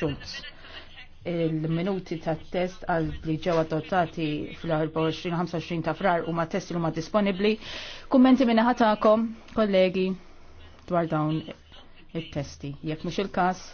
Schultz. Il-minuti ta' test għal li ġew adottati fl-24-25 ta' frar u ma' testi li ma' disponibli. Kummenti minna ħatakom, kollegi, dwar dawn il-testi. Jekk mux il-kas,